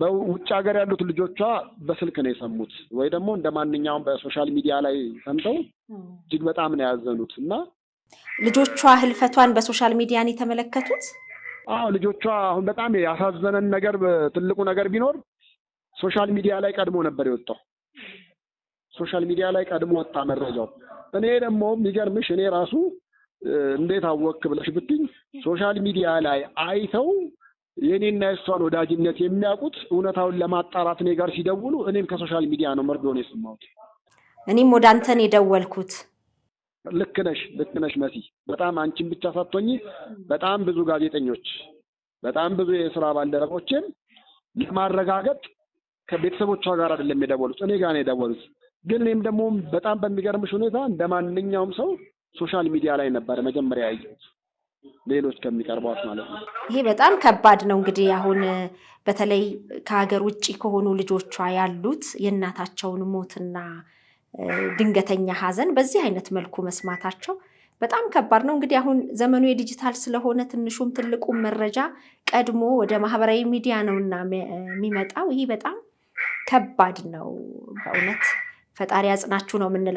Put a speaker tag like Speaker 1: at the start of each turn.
Speaker 1: በውጭ ሀገር ያሉት ልጆቿ በስልክ ነው የሰሙት ወይ ደግሞ እንደ ማንኛውም በሶሻል ሚዲያ ላይ ሰምተው እጅግ በጣም ነው ያዘኑት እና
Speaker 2: ልጆቿ ህልፈቷን በሶሻል ሚዲያ ነው የተመለከቱት።
Speaker 1: አዎ ልጆቿ አሁን በጣም ያሳዘነን ነገር ትልቁ ነገር ቢኖር ሶሻል ሚዲያ ላይ ቀድሞ ነበር የወጣው። ሶሻል ሚዲያ ላይ ቀድሞ ወጣ መረጃው። እኔ ደግሞ የሚገርምሽ እኔ ራሱ እንዴት አወክ ብለሽ ብትኝ ሶሻል ሚዲያ ላይ አይተው የእኔና የእሷን ወዳጅነት የሚያውቁት እውነታውን ለማጣራት እኔ ጋር ሲደውሉ እኔም ከሶሻል ሚዲያ ነው መርዶን የሰማሁት።
Speaker 2: እኔም ወደ አንተን የደወልኩት።
Speaker 1: ልክ ነሽ፣ ልክ ነሽ መሲ። በጣም አንቺን ብቻ ሳቶኝ በጣም ብዙ ጋዜጠኞች፣ በጣም ብዙ የስራ ባልደረቦችን ለማረጋገጥ ከቤተሰቦቿ ጋር አይደለም የደወሉት፣ እኔ ጋር ነው የደወሉት። ግን እኔም ደግሞ በጣም በሚገርምሽ ሁኔታ እንደ ማንኛውም ሰው ሶሻል ሚዲያ ላይ ነበር መጀመሪያ ያየሁት። ሌሎች ከሚቀርቧት ማለት ነው።
Speaker 2: ይሄ በጣም ከባድ ነው። እንግዲህ አሁን በተለይ ከሀገር ውጭ ከሆኑ ልጆቿ ያሉት የእናታቸውን ሞትና ድንገተኛ ሀዘን በዚህ አይነት መልኩ መስማታቸው በጣም ከባድ ነው። እንግዲህ አሁን ዘመኑ የዲጂታል ስለሆነ ትንሹም ትልቁም መረጃ ቀድሞ ወደ ማህበራዊ ሚዲያ ነውና የሚመጣው። ይህ በጣም ከባድ ነው በእውነት ፈጣሪ ያጽናችሁ ነው የምንለው።